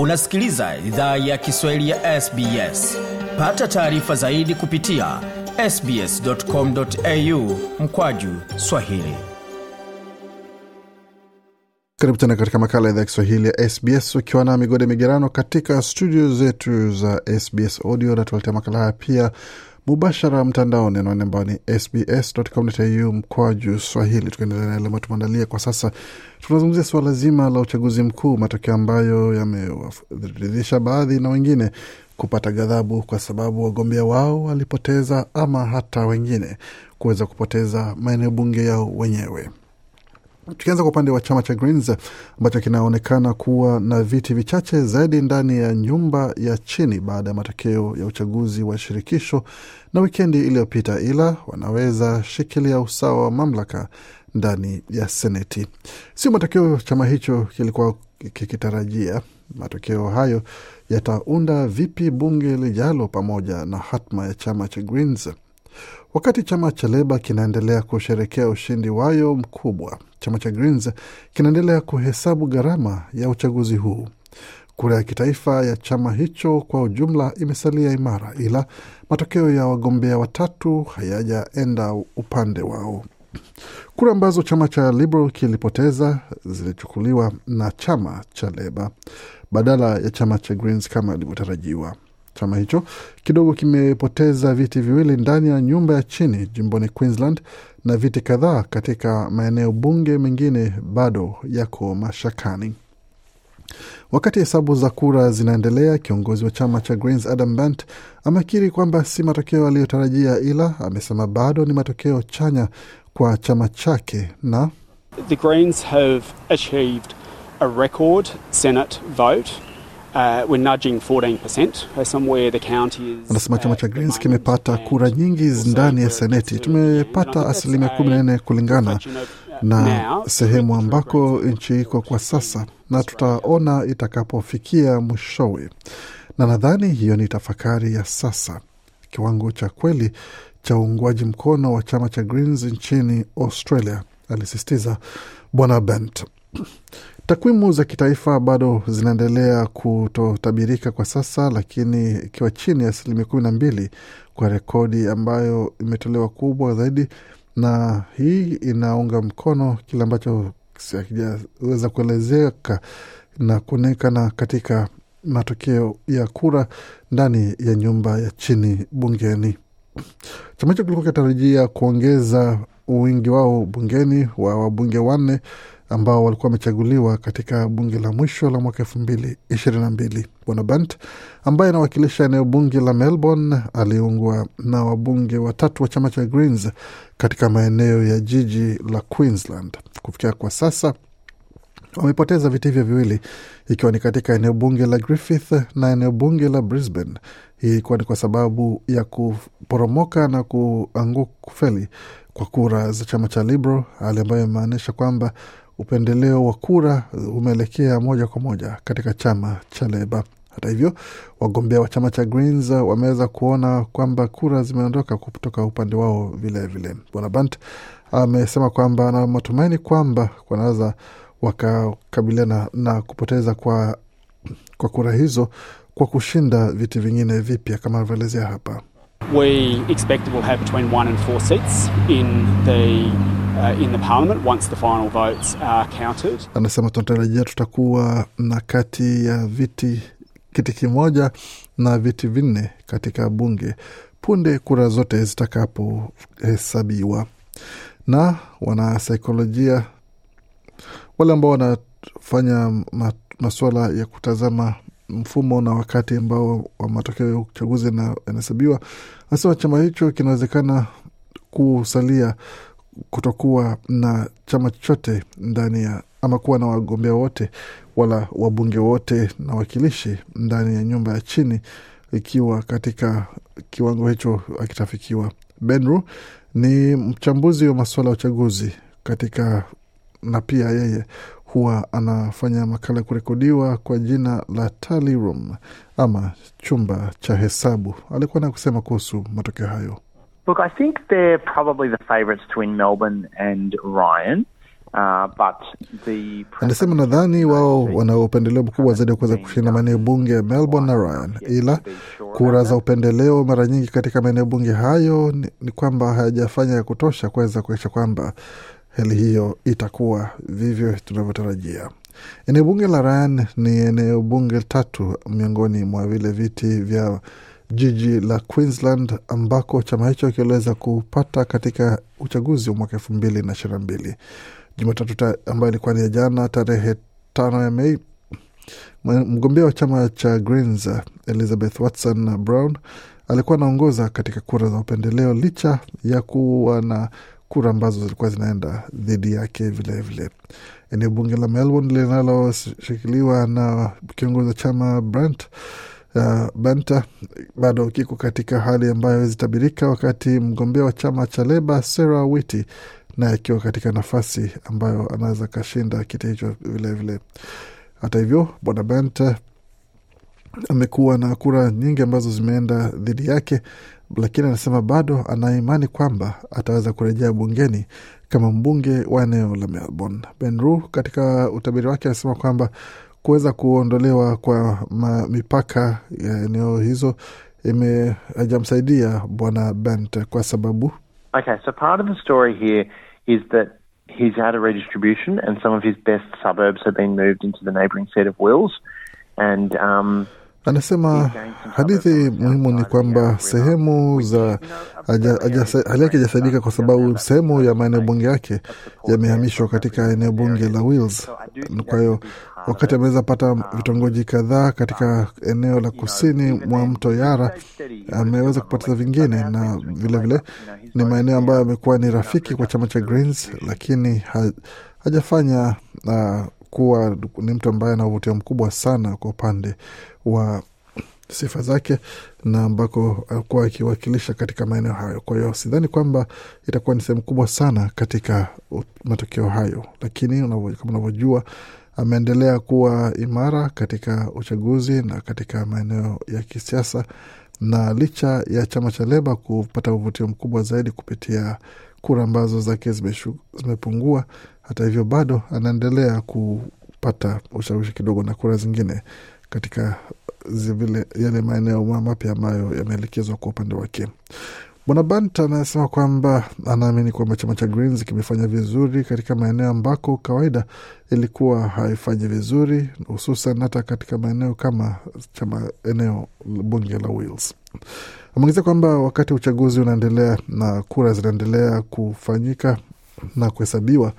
unasikiliza idhaa ya kiswahili ya sbs pata taarifa zaidi kupitia sbscomau mkwaju swahili karibu tena katika makala ya idhaa ya kiswahili ya sbs ukiwa na migode migerano katika studio zetu za sbs audio tuwaletea makala haya pia mubashara mtandaoni, anaone ambao ni mkoa juu swahili. Tukiendelea na yale ambayo tumeandalia kwa sasa, tunazungumzia suala zima la uchaguzi mkuu, matokeo ambayo yamewaridhisha baadhi na wengine kupata ghadhabu kwa sababu wagombea wao walipoteza ama hata wengine kuweza kupoteza maeneo bunge yao wenyewe. Tukianza kwa upande wa chama cha Greens ambacho kinaonekana kuwa na viti vichache zaidi ndani ya nyumba ya chini baada ya matokeo ya uchaguzi wa shirikisho na wikendi iliyopita, ila wanaweza shikilia usawa wa mamlaka ndani ya seneti. Sio matokeo chama hicho kilikuwa kikitarajia. Matokeo hayo yataunda vipi bunge lijalo pamoja na hatma ya chama cha Greens. Wakati chama cha Leba kinaendelea kusherekea ushindi wayo mkubwa, chama cha Greens kinaendelea kuhesabu gharama ya uchaguzi huu. Kura ya kitaifa ya chama hicho kwa ujumla imesalia imara, ila matokeo ya wagombea watatu hayajaenda upande wao. Kura ambazo chama cha Liberal kilipoteza zilichukuliwa na chama cha Leba badala ya chama cha Greens kama ilivyotarajiwa. Chama hicho kidogo kimepoteza viti viwili ndani ya nyumba ya chini jimboni Queensland na viti kadhaa katika maeneo bunge mengine bado yako mashakani. Wakati hesabu za kura zinaendelea, kiongozi wa chama cha Greens Adam Bant amekiri kwamba si matokeo aliyotarajia, ila amesema bado ni matokeo chanya kwa chama chake na The Greens have achieved a record Senate vote Uh, Anasema chama cha Greens kimepata kura nyingi ndani ya Seneti. Tumepata asilimia kumi nne kulingana uh, na sehemu ambako nchi iko kwa sasa, na tutaona itakapofikia mwishowe, na nadhani hiyo ni tafakari ya sasa, kiwango cha kweli cha uungwaji mkono wa chama cha Greens nchini Australia, alisisitiza Bwana Bent. Takwimu za kitaifa bado zinaendelea kutotabirika kwa sasa, lakini ikiwa chini ya asilimia kumi na mbili kwa rekodi ambayo imetolewa kubwa zaidi, na hii inaunga mkono kile ambacho hakijaweza kuelezeka na kuonekana katika matokeo ya kura ndani ya nyumba ya chini bungeni. Chama hicho kilikuwa kinatarajia kuongeza wingi wao bungeni wa wabunge wanne ambao walikuwa wamechaguliwa katika bunge la mwisho la mwaka elfu mbili ishirini na mbili. Bwana Bant ambaye anawakilisha eneo bunge la Melbourne aliungwa na wabunge watatu wa chama cha Greens katika maeneo ya jiji la Queensland. Kufikia kwa sasa wamepoteza viti hivyo viwili ikiwa ni katika eneo bunge la Griffith na eneo bunge la Brisbane. Hii ikiwa ni kwa sababu ya kuporomoka na kuanguka kufeli kwa kura za chama cha Liberal, hali ambayo imemaanisha kwamba upendeleo wa kura umeelekea moja kwa moja katika chama cha Leba. Hata hivyo, wagombea wa chama cha Greens wameweza kuona kwamba kura zimeondoka kutoka upande wao vilevile. Bwana Bant amesema kwamba ana matumaini kwamba wanaweza wakakabiliana na kupoteza kwa, kwa kura hizo kwa kushinda viti vingine vipya kama anavyoelezea hapa. We expect we'll have between one and four seats in the Uh, anasema tunatarajia tutakuwa na kati ya viti kiti kimoja na viti vinne katika bunge punde kura zote zitakapohesabiwa. Na wanasaikolojia wale ambao wanafanya masuala ya kutazama mfumo na wakati ambao wa matokeo ya uchaguzi yanahesabiwa, anasema chama hicho kinawezekana kusalia kutokuwa na chama chochote ndani ya ama kuwa na wagombea wote wala wabunge wote na wakilishi ndani ya nyumba ya chini, ikiwa katika kiwango hicho akitafikiwa. Benru ni mchambuzi wa masuala ya uchaguzi katika na pia yeye huwa anafanya makala ya kurekodiwa kwa jina la Tally Room ama chumba cha hesabu. Alikuwa na kusema kuhusu matokeo hayo. Look, I think they're probably the favourites to win Melbourne and Ryan. Uh, Anasema nadhani wao wana upendeleo mkubwa zaidi wa kuweza kushinda maeneo bunge ya Melbourne na Ryan, ila kura za upendeleo mara nyingi katika maeneo bunge hayo ni, ni kwamba hayajafanya ya kutosha kuweza kuonyesha kwamba hali hiyo itakuwa vivyo tunavyotarajia. Eneo bunge la Ryan ni eneo bunge tatu miongoni mwa vile viti vya jiji la Queensland ambako chama hicho kiliweza kupata katika uchaguzi wa mwaka elfu mbili na ishirini na mbili. Jumatatu ambayo ilikuwa ni ya jana tarehe tano ya Mei, mgombea wa chama cha Greens Elizabeth Watson Brown alikuwa anaongoza katika kura za upendeleo licha ya kuwa na kura ambazo zilikuwa zinaenda dhidi yake vilevile. Eneo bunge la Melbourne linaloshikiliwa na kiongozi wa chama Brant uh, Banta bado kiko katika hali ambayo hawezi tabirika, wakati mgombea wa chama cha Leba Sarah Witi naye akiwa katika nafasi ambayo anaweza akashinda kiti hicho vilevile. Hata hivyo, bwana Banta amekuwa na kura nyingi ambazo zimeenda dhidi yake, lakini anasema bado anaimani kwamba ataweza kurejea bungeni kama mbunge wa eneo la Melbourne. Ben katika utabiri wake anasema kwamba kuweza kuondolewa kwa mipaka ya eneo hizo imeajamsaidia Bwana Bent kwa sababu okay, so part of the story here is that he's had a redistribution and some of his best suburbs have been moved into the set of wills and um, Anasema hadithi muhimu ni kwamba sehemu za hali yake ijasaidika kwa sababu sehemu ya maeneo bunge yake yamehamishwa katika eneo bunge la Wills. Kwa hiyo wakati ameweza pata vitongoji kadhaa katika eneo la kusini mwa mto Yara, ameweza kupoteza vingine, na vilevile vile, ni maeneo ambayo amekuwa ni rafiki kwa chama cha Greens, lakini ha, hajafanya uh, kuwa ni mtu ambaye ana uvutio mkubwa sana kwa upande wa sifa zake na ambako alikuwa akiwakilisha katika maeneo hayo. Kwa hiyo sidhani kwamba itakuwa ni sehemu kubwa sana katika matokeo hayo, lakini kama unavyojua ameendelea kuwa imara katika uchaguzi na katika maeneo ya kisiasa, na licha ya chama cha Leba kupata uvutio mkubwa zaidi kupitia kura ambazo zake zimepungua, hata hivyo bado anaendelea kupata ushawishi kidogo na kura zingine katika zivile yale maeneo mapya ambayo yameelekezwa kwa upande wake. Bwana Banta anasema kwamba anaamini kwamba chama cha Greens kimefanya vizuri katika maeneo ambako kawaida ilikuwa haifanyi vizuri, hususan hata katika maeneo kama chama eneo bunge la Wales. Ameongeza kwamba wakati uchaguzi unaendelea na kura zinaendelea kufanyika na kuhesabiwa,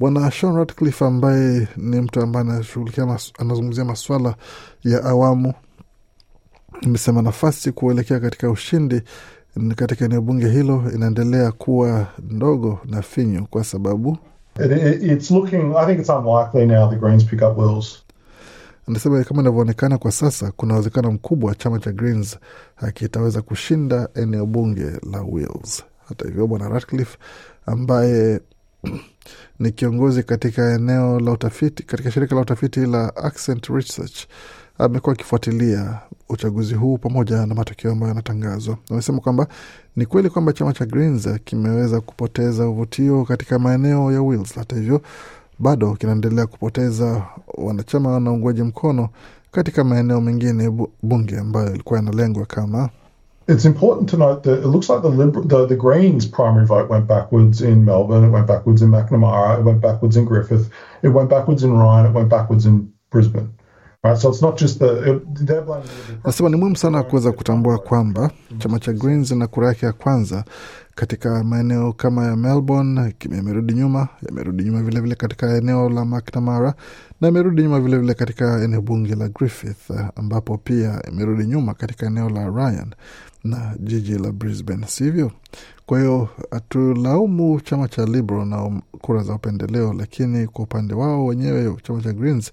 Bwana Sean Ratcliffe ambaye ni mtu ambaye anashughulikia anazungumzia maswala ya awamu amesema nafasi kuelekea katika ushindi katika eneo bunge hilo inaendelea kuwa ndogo na finyu kwa sababu anasema kama inavyoonekana kwa sasa, kuna uwezekano mkubwa chama cha Greens akitaweza kushinda eneo bunge la Wales. Hata hivyo, bwana ambaye ni kiongozi katika eneo la utafiti katika shirika la utafiti la Accent Research amekuwa akifuatilia uchaguzi huu pamoja na matokeo ambayo yanatangazwa. Amesema kwamba ni kweli kwamba chama cha Greens kimeweza kupoteza uvutio katika maeneo ya Wales. Hata hivyo, bado kinaendelea kupoteza wanachama wanaunguaji mkono katika maeneo mengine bunge ambayo ilikuwa yanalengwa kama it's important to note that it looks like the, the, the Greens' primary vote went backwards in Melbourne, it went backwards in McNamara, it went backwards in Griffith, it went backwards in Ryan, it went backwards in Brisbane. Ah, nasema ni muhimu sana kuweza kutambua kwamba chama cha Greens na kura yake ya kwanza katika maeneo kama ya Melbourne yamerudi nyuma, yamerudi nyuma vilevile vile katika eneo la McNamara na imerudi nyuma vilevile vile katika eneo bunge la Griffith, ambapo pia imerudi nyuma katika eneo la Ryan na jiji la Brisbane, sivyo? Kwa hiyo hatulaumu chama cha Liberal na kura za upendeleo, lakini kwa upande wao wenyewe chama cha Greens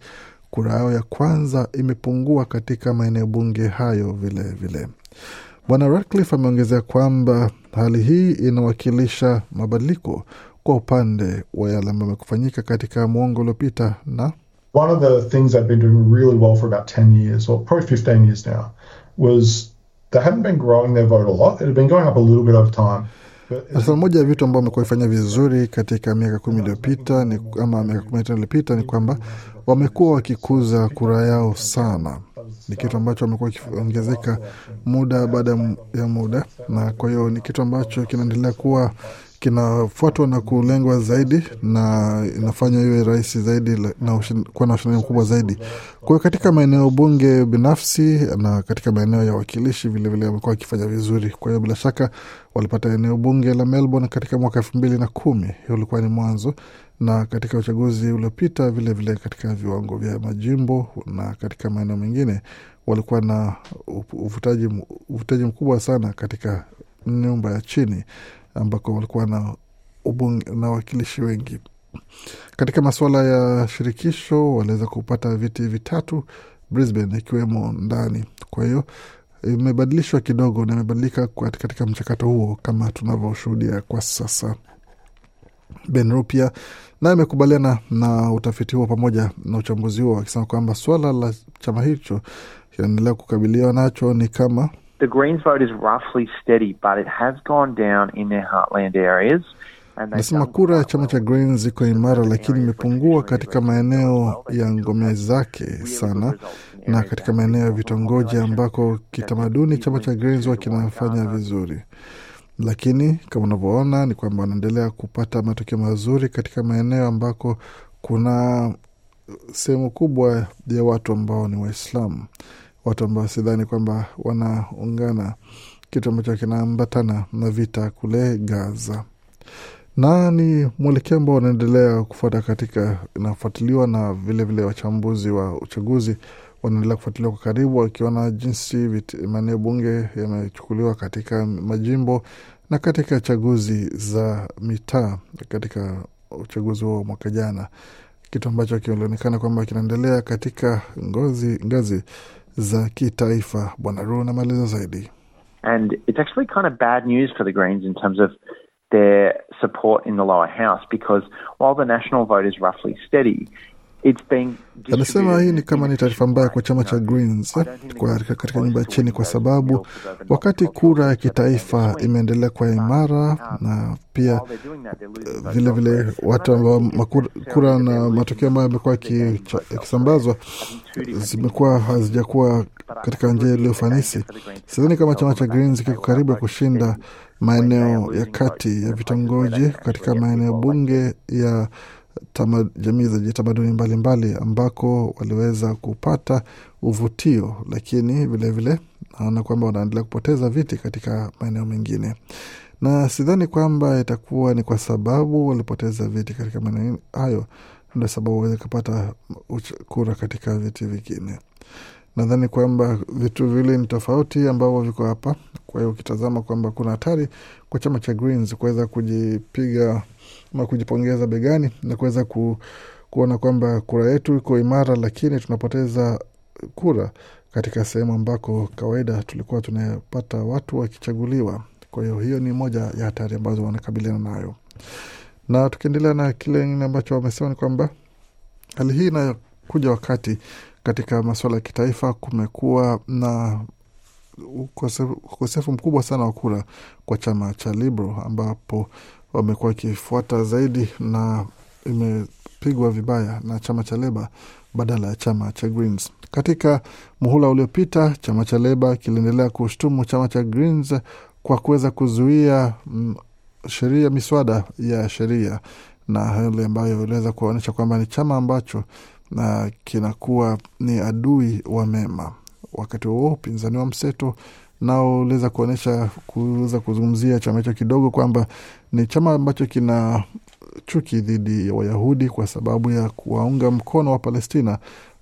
kura yao ya kwanza imepungua katika maeneo bunge hayo vilevile vile. Bwana Ratcliffe ameongezea kwamba hali hii inawakilisha mabadiliko kwa upande wa yale ambayo amekufanyika katika mwongo uliopita na One of the things I've been doing really well for about 10 years, or probably 15 years now, was they hadn't been growing their vote a lot. It had been going up a little bit over time. Sasa moja ya vitu ambao wamekuwa ifanya vizuri katika miaka kumi iliyopita ama miaka kumi na tano iliyopita ni kwamba wamekuwa wakikuza kura yao sana. Ni kitu ambacho wamekuwa wakiongezeka muda baada ya muda, na kwa hiyo ni kitu ambacho kinaendelea kuwa kinafuatwa na kulengwa zaidi na inafanywa iwe rahisi zaidi na ushin, kuwa na ushindani mkubwa zaidi. Kwa hiyo katika maeneo bunge binafsi na katika maeneo ya wakilishi vilevile wamekuwa wakifanya vizuri. Kwa hiyo bila shaka walipata eneo bunge la Melbourne katika mwaka elfu mbili na kumi, hiyo ulikuwa ni mwanzo, na katika uchaguzi uliopita vilevile katika viwango vya majimbo na katika maeneo mengine walikuwa na uvutaji mkubwa sana katika nyumba ya chini ambako walikuwa na na wakilishi wengi. Katika masuala ya shirikisho waliweza kupata viti vitatu Brisbane ikiwemo ndani. Kwa hiyo imebadilishwa kidogo na imebadilika katika mchakato huo kama tunavyoshuhudia kwa sasa. Benro pia naye amekubaliana na utafiti huo pamoja na uchambuzi huo, akisema kwamba swala la chama hicho kinaendelea kukabiliwa nacho ni kama the Greens vote is roughly steady, but it has gone down in their heartland areas. Nasema kura ya chama cha Greens iko imara, lakini imepungua katika maeneo ya ngome zake sana na katika maeneo ya vitongoji ambako kitamaduni chama cha Greens huwa kinafanya vizuri, lakini kama unavyoona ni kwamba wanaendelea kupata matokeo mazuri katika maeneo ambako kuna sehemu kubwa ya watu ambao ni Waislamu watu ambao sidhani kwamba wanaungana, kitu ambacho kinaambatana na vita kule Gaza na ni mwelekeo ambao wanaendelea kufuata katika inafuatiliwa na vilevile vile wachambuzi wa uchaguzi wanaendelea kufuatiliwa kwa karibu, wakiona jinsi maeneo bunge yamechukuliwa katika majimbo na katika chaguzi za mitaa katika uchaguzi huo mwaka jana, kitu ambacho kilionekana kwamba kinaendelea katika ngozi ngazi za kitaifa. Bwana zaidi. And it's actually kind of bad news for the Greens in terms of their support in the lower house because while the national vote is roughly steady, Anasema hii ni kama ni taarifa mbaya kwa chama cha Greens katika nyumba ya chini, kwa sababu wakati kura ya kitaifa imeendelea kwa imara na pia vilevile watu ambao kura na matokeo ambayo yamekuwa yakisambazwa zimekuwa hazijakuwa katika njia iliyo fanisi. Sidhani kama chama cha Greens kiko karibu kushinda maeneo ya kati ya vitongoji katika maeneo bunge ya tama, jamii za tamaduni mbalimbali ambako waliweza kupata uvutio, lakini vilevile naona kwamba wanaendelea kupoteza viti katika maeneo mengine, na sidhani kwamba itakuwa ni kwa sababu walipoteza viti katika maeneo hayo ndio sababu waweze kupata kura katika viti vingine nadhani kwamba vitu vile ni tofauti ambavyo viko hapa. Kwa hiyo ukitazama kwamba kuna hatari kwa chama cha Greens kuweza kujipiga ama kujipongeza begani na kuweza ku, kuona kwamba kura yetu iko imara, lakini tunapoteza kura katika sehemu ambako kawaida tulikuwa tunapata watu wakichaguliwa. Kwa hiyo hiyo ni moja ya hatari ambazo wanakabiliana nayo, na tukiendelea na kile ingine ambacho wamesema ni kwamba hali hii inayokuja wakati katika masuala ya kitaifa, kumekuwa na ukosefu mkubwa sana wa kura kwa chama cha Liberal ambapo wamekuwa wakifuata zaidi na imepigwa vibaya na chama cha Leba badala ya chama cha Greens. Katika muhula uliopita, chama cha Leba kiliendelea kushtumu chama cha Greens kwa kuweza kuzuia mm, sheria miswada ya sheria na hali ambayo iliweza kuonyesha kwamba ni chama ambacho na kinakuwa ni adui wa mema. Wakati huo upinzani wa mseto nao uliweza kuonyesha kuweza kuzungumzia chama hicho kidogo, kwamba ni chama ambacho kina chuki dhidi ya Wayahudi kwa sababu ya kuwaunga mkono wa Palestina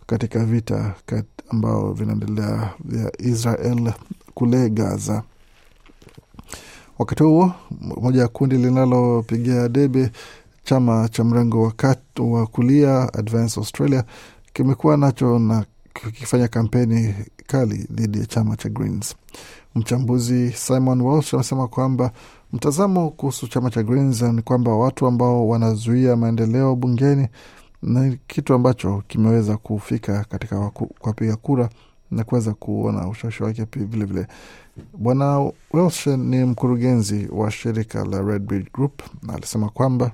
katika vita kat ambao vinaendelea vya Israel kule Gaza. Wakati huo moja ya kundi linalopigia debe chama cha mrengo wa kati wa kulia Advance Australia kimekuwa nacho na kikifanya kampeni kali dhidi ya chama cha Greens. Mchambuzi Simon Walsh amesema kwamba mtazamo kuhusu chama cha Greens ni kwamba watu ambao wanazuia maendeleo bungeni ni kitu ambacho kimeweza kufika katika kuwapiga kura na kuweza kuona ushawishi wake vilevile. Bwana Welsh ni mkurugenzi wa shirika la Redbridge Group na alisema kwamba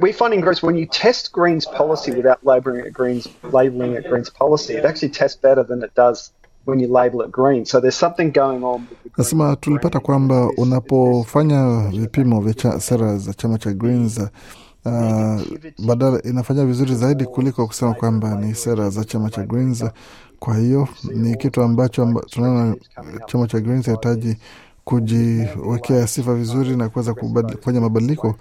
we find in Greens when you test Greens policy without labelling it Greens labelling it Greens policy, it actually tests better than it does when you label it green. So there's something going on. Nasema tulipata kwamba unapofanya vipimo vya sera za chama cha Greens uh, badala inafanya vizuri zaidi kuliko kusema kwamba ni sera za chama cha Greens. Kwa hiyo ni kitu ambacho amba, tunaona chama cha Greens hahitaji kujiwekea sifa vizuri na kuweza kufanya mabadiliko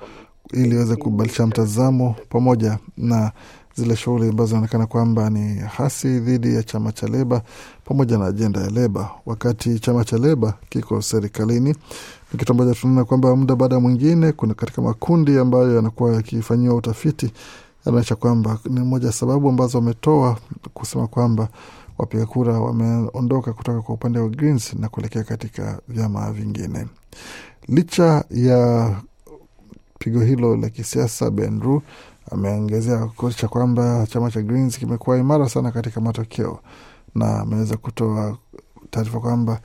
ili iweze kubadilisha mtazamo pamoja na zile shughuli ambazo zinaonekana kwamba ni hasi dhidi ya chama cha Leba pamoja na ajenda ya Leba. Wakati chama cha Leba kiko serikalini, ni kitu ambacho tunaona kwamba muda baada ya mwingine, kuna katika makundi ambayo yanakuwa yakifanyiwa utafiti, yanaonyesha kwamba ni moja ya sababu ambazo wametoa kusema kwamba wapiga kura wameondoka kutoka kwa upande wa Greens na kuelekea katika vyama vingine licha ya pigo hilo la kisiasa, Benru ameongezea kocha kwamba chama cha Greens kimekuwa imara sana katika matokeo, na ameweza kutoa taarifa kwamba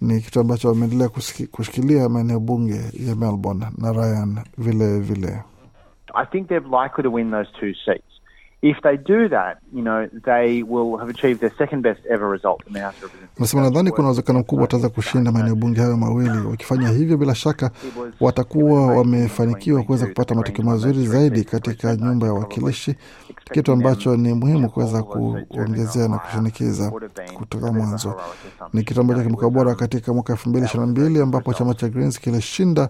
ni kitu ambacho ameendelea kushikilia maeneo bunge ya Melbourne na Ryan vilevile vile. Nasema nadhani kuna uwezekano mkubwa wataweza kushinda maeneo bunge hayo mawili. Wakifanya hivyo, bila shaka watakuwa wamefanikiwa kuweza kupata matokeo mazuri zaidi katika nyumba ya wawakilishi, kitu ambacho ni muhimu kuweza kuongezea na kushinikiza kutoka mwanzo. Ni kitu ambacho kimekuwa bora katika mwaka elfu mbili ishirini na mbili ambapo chama cha Greens kilishinda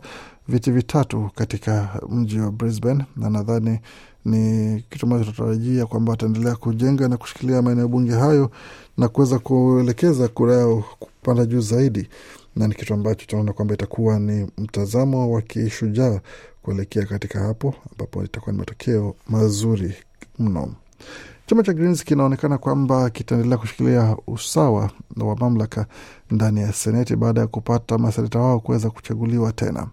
viti vitatu katika mji wa Brisbane, na nadhani ni kitu ambacho tunatarajia kwamba wataendelea kujenga na kushikilia maeneo bunge hayo na kuweza kuelekeza kura yao kupanda juu zaidi, na ni kitu ambacho tunaona kwamba itakuwa ni mtazamo wa kishujaa kuelekea katika hapo ambapo itakuwa ni matokeo mazuri mno. Chama cha Greens kinaonekana kwamba kitaendelea kushikilia usawa wa mamlaka ndani ya Seneti baada ya kupata maseneta wao kuweza kuchaguliwa tena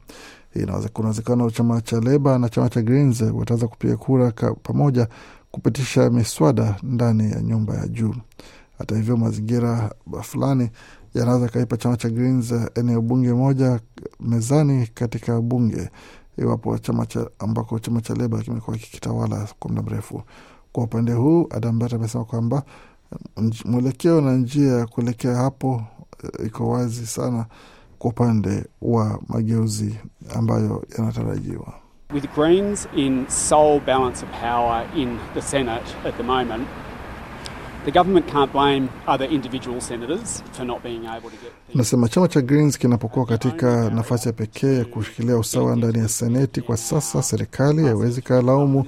kuna uwezekano chama cha Leba na chama cha Greens wataweza kupiga kura pamoja kupitisha miswada ndani ya nyumba ya juu. Hata hivyo, mazingira fulani yanaweza kaipa chama cha Greens eneo bunge moja mezani katika bunge, iwapo chama cha ambako chama cha Leba kimekuwa kikitawala kwa muda mrefu. Kwa upande huu, Adam amesema kwamba um, mwelekeo na njia ya kuelekea hapo uh, iko wazi sana kwa upande wa mageuzi ambayo yanatarajiwa. With Greens in sole balance of power in the Senate at the moment, the government can't blame other individual senators for not being able to get... Nasema chama cha Greens kinapokuwa katika nafasi ya pekee ya kushikilia usawa ndani ya Seneti kwa sasa, serikali haiwezi kalaumu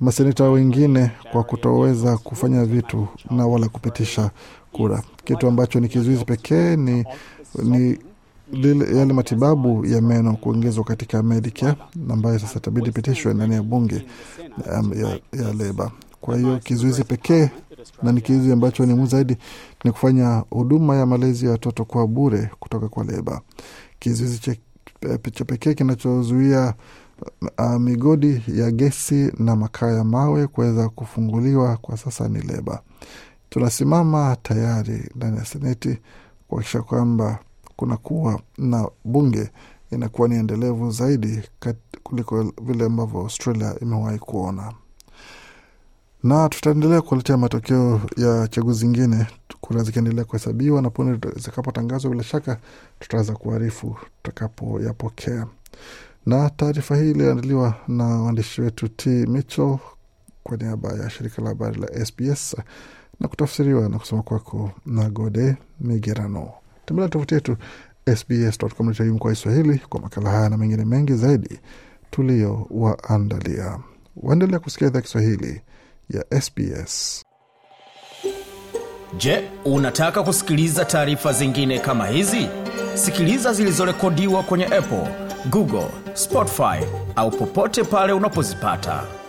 maseneta wengine kwa kutoweza kufanya vitu na wala kupitisha kura. Kitu ambacho ni kizuizi pekee ni, ni lile yale matibabu ya meno kuongezwa katika Medicare ambayo sasa itabidi pitishwe ndani ya bunge um, ya, ya Leba. Kwa hiyo kizuizi pekee na ni kizuizi ambacho ni muhimu zaidi ni kufanya huduma ya malezi ya watoto kuwa bure kutoka kwa Leba. Kizuizi eh, cha pekee kinachozuia uh, migodi ya gesi na makaa ya mawe kuweza kufunguliwa kwa sasa ni Leba. Tunasimama tayari ndani ya Seneti kuhakikisha kwamba kunakuwa na bunge inakuwa ni endelevu zaidi kuliko vile ambavyo Australia imewahi kuona. Na tutaendelea kuwaletea matokeo ya chaguzi zingine, kura zikiendelea kuhesabiwa, na punde zikapotangazwa bila shaka tutaweza kuarifu tutakapoyapokea. Na taarifa hii iliyoandaliwa na waandishi wetu T michel kwa niaba ya shirika la habari la SBS na kutafsiriwa na kusoma kwako na Gode Migerano. Tembelea tovuti yetu sbs.com.au Kiswahili kwa makala haya na mengine mengi zaidi tuliyowaandalia. Waendelea kusikia idhaa Kiswahili ya SBS. Je, unataka kusikiliza taarifa zingine kama hizi? Sikiliza zilizorekodiwa kwenye Apple, Google, Spotify au popote pale unapozipata.